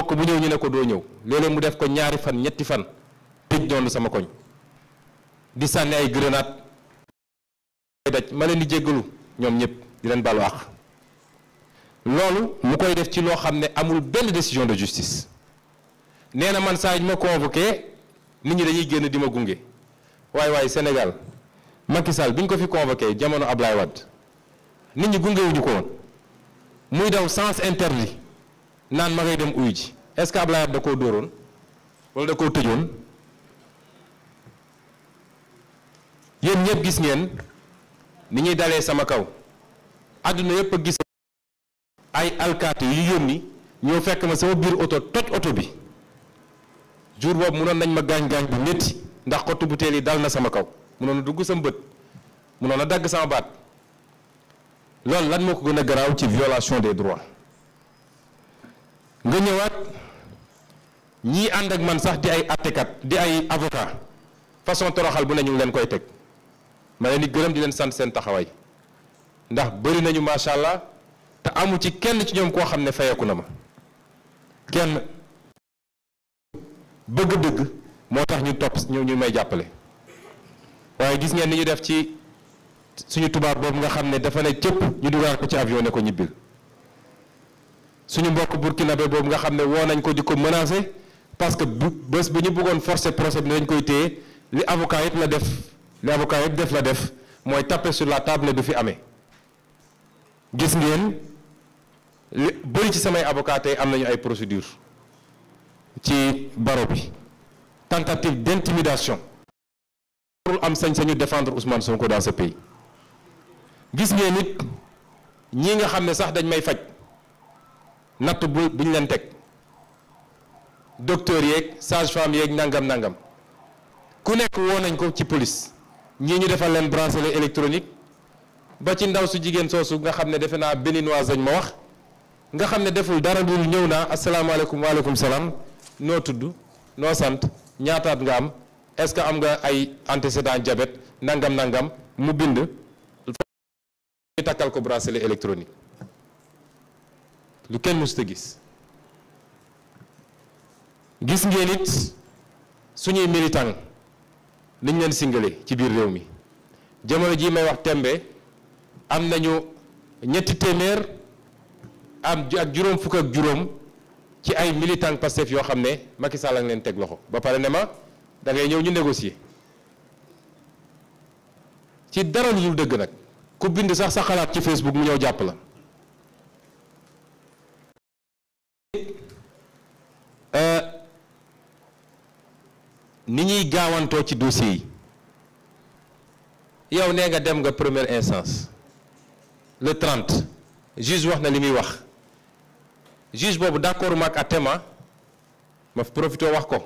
mbokk bu ñëw ñu ne ko doo ñëw léeg mu def ko ñaari fan ñetti fan tëj doon sama koñ di sànni ay grenade daj ma leen di jéggalu ñoom ñëpp di leen balu àq loolu mu koy def ci loo xam ne amul benn décision de justice nee na man saa ñu ma convoqué nit ñi dañuy génn di ma gunge waaye waaye Sénégal Macky Sall bi ñu ko fi convoqué jamono Ablaye Wade nit ñi gungewuñu ko woon muy daw sens interdit naan ma ngay dem uyu ji est-ce da koo dóoroon wala da koo tëjoon yéen ñëpp gis ngeen ni ñuy dalee sama kaw àdduna yëpp a gis ay alkaati yu yónni ñoo fekk ma sama biir oto toj oto bi jour boobu munoon nañ ma gaañ-gaañ bu métti ndax xottu butéel yi dal na sama kaw munoon a dugg sama bët munoon a dagg sama baat loolu lan moo ko gën a garaaw ci violation des droits nga ñëwaat ñi ànd ak man sax di ay attekat di ay avocat façon toroxal bu ne ñu leen koy teg ma leen di gërëm di leen sant seen taxawaay ndax bëri nañu macha allah te amu ci kenn ci ñoom koo xam ne fayeku na ma kenn bëgg dëgg moo tax ñu topp ñu ñu may jàppale waaye gis ngeen ni ñu def ci suñu tubaab boobu nga xam ne dafa ne cëpp ñu dugaat ko ci avion ne ko ñibbil suñu mbokk burkinabé boobu nga xam ne woo nañ ko di ko menacé parce que bu bés bu ñu bëggoon forcer procès bi dañ koy téye li avocat yëpp la def li avocat yëpp def la def mooy taper sur la table ne du fi amee gis ngeen li bëri ci samay avocat tey am nañu ay procédure ci baro bi tentative d'intimidation pour am sañ-sañu défendre Ousmane Sonko dans ce pays gis ngeen nit ñi nga xam ne sax dañ may faj natt bu bu ñu leen teg docteur yeeg sage-femme yeeg nangam nangam ku nekk woo nañ ko ci police ñii ñu defal leen bracelet électronique ba ci ndaw su jigéen soosu nga xam ne defe naa béninoise dañ ma wax nga xam ne deful dara lu ñëw naa asalaamaaleykum waaleykum salaam noo tudd noo sant ñaataat nga am est-ce que am nga ay antécédent jabet nangam nangam mu bind. ñu takkal ko bracelet électronique. lu kenn mësuta gis gis ngeen it suñuy militant niñ leen singale ci biir réew mi jamono jii may wax tembe am nañu ñetti téeméer am ak juróom fukk ak juróom ci ay militant Pastef yoo xam ne Macky Sall leen teg loxo ba pare ne ma dangay ñëw ñu négocier ci dara lu dul dëgg nag ku bind sax sa xalaat ci Facebook mu ñëw jàpp la ni ñuy gaawantoo ci dossier yi yow nee nga dem nga première instance le trent juge wax na li muy wax juge boobu d'accord maak atema ma profité wax ko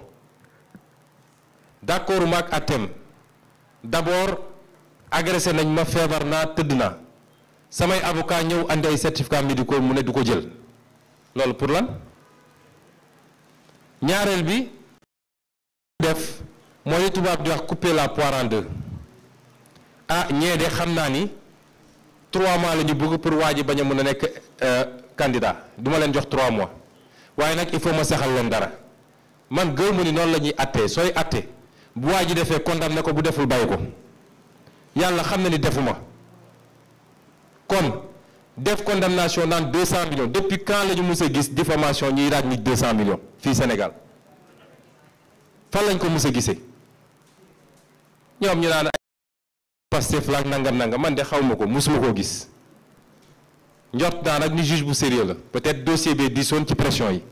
d'accord maak atem d'abord agressé nañ ma feebar naa tëdd naa samay avocat ñëw andi ay certificat médicaux mu ne du ko jël loolu pour lan ñaareel bi def mooy tubaab di wax couper la poire en deux ah ñee de xam naa ni trois mois la ñu bëgg pour waa ji bañ a mën a nekk euh, candidat duma leen jox trois mois waaye nag il faut ma saxal leen dara man gëw mu ni noonu la ñuy attee sooy attee bu waa ji defee condamné ko bu deful bàyyi ko yàlla xam na ni defuma kon def condamnation naan deux cent millions depuis quand la ñu gis diffamation ñuy raaj nit deux cent millions fii Sénégal fan lañ ko mës a gisee ñoom ñu naan Pastef la nangam nangam man de xaw ko mosuma koo gis njort daan nag ni juge bu sérieux la peut-être dossier bi disoon ci pression yi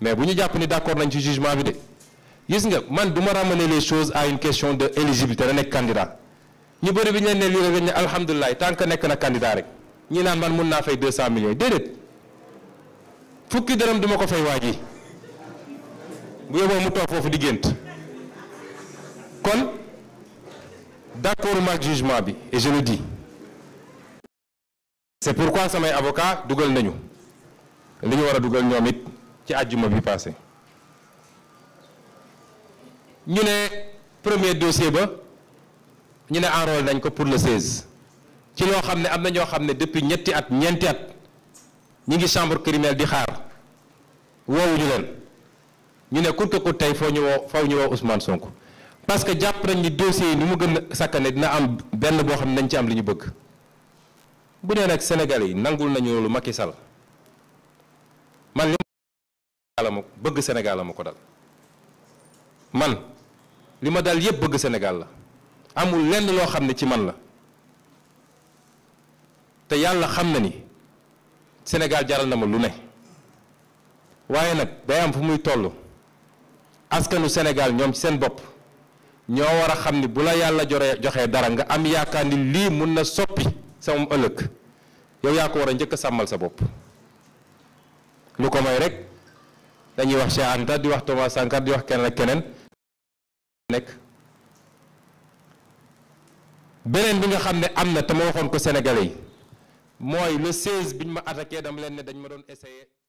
mais bu ñu jàpp ni d'accord nañ ci jugement bi de gis nga man du ma ramener les choses à une question de éligibilité da nekk candidat ñu bëri bi ñu leen ne lii rek ne tant que nekk na candidat rek ñi naan man mun naa fay 200 millions déedéet fukki dërëm duma ko fay waaj yi bu yóbboo mu toog foofu di gént kon d'accord ma jugement bi et je le dis c'est pourquoi samay avocat dugal nañu li ñu war a dugal ñoom it ci àjjuma bi passé ñu ne premier dossier ba ñu ne enrôlé nañ ko pour le 16 ci loo xam ne am na ñoo xam ne depuis ñetti at ñeenti at ñi ngi chambre criminelle di xaar woowuñu leen ñu ne coûte que coûte tey foo ñu woo foo ñu woo Sonko parce que jàpp nañ ni dossiers yi nu mu gën a sakkane dina am benn boo xam ne nañ ci am li ñu bëgg bu nee nag Sénégal yi nangul nañu lu Macky Sall man li ma bëgg Sénégal la ko dal man li ma dal yépp bëgg Sénégal la amul lenn loo xam ne ci man la te yàlla xam na ni Sénégal jaral na ma lu ne waaye nag day am fu muy toll askanu Sénégal ñoom ci seen bopp ñoo war a xam ni bu la yàlla joree joxee dara nga am yaakaar ni lii mun na soppi sa moom ëllëg yow yaa ko war a njëkk a sàmmal sa bopp lu ko may rek dañuy wax Cheikh Anta di wax Thomas Sankara di wax keneen ak keneen nekk beneen bi nga xam ne am na te ma waxoon ko Sénégalais yi mooy le 16 bi ñu ma attaqué dama leen ne dañ ma doon essayé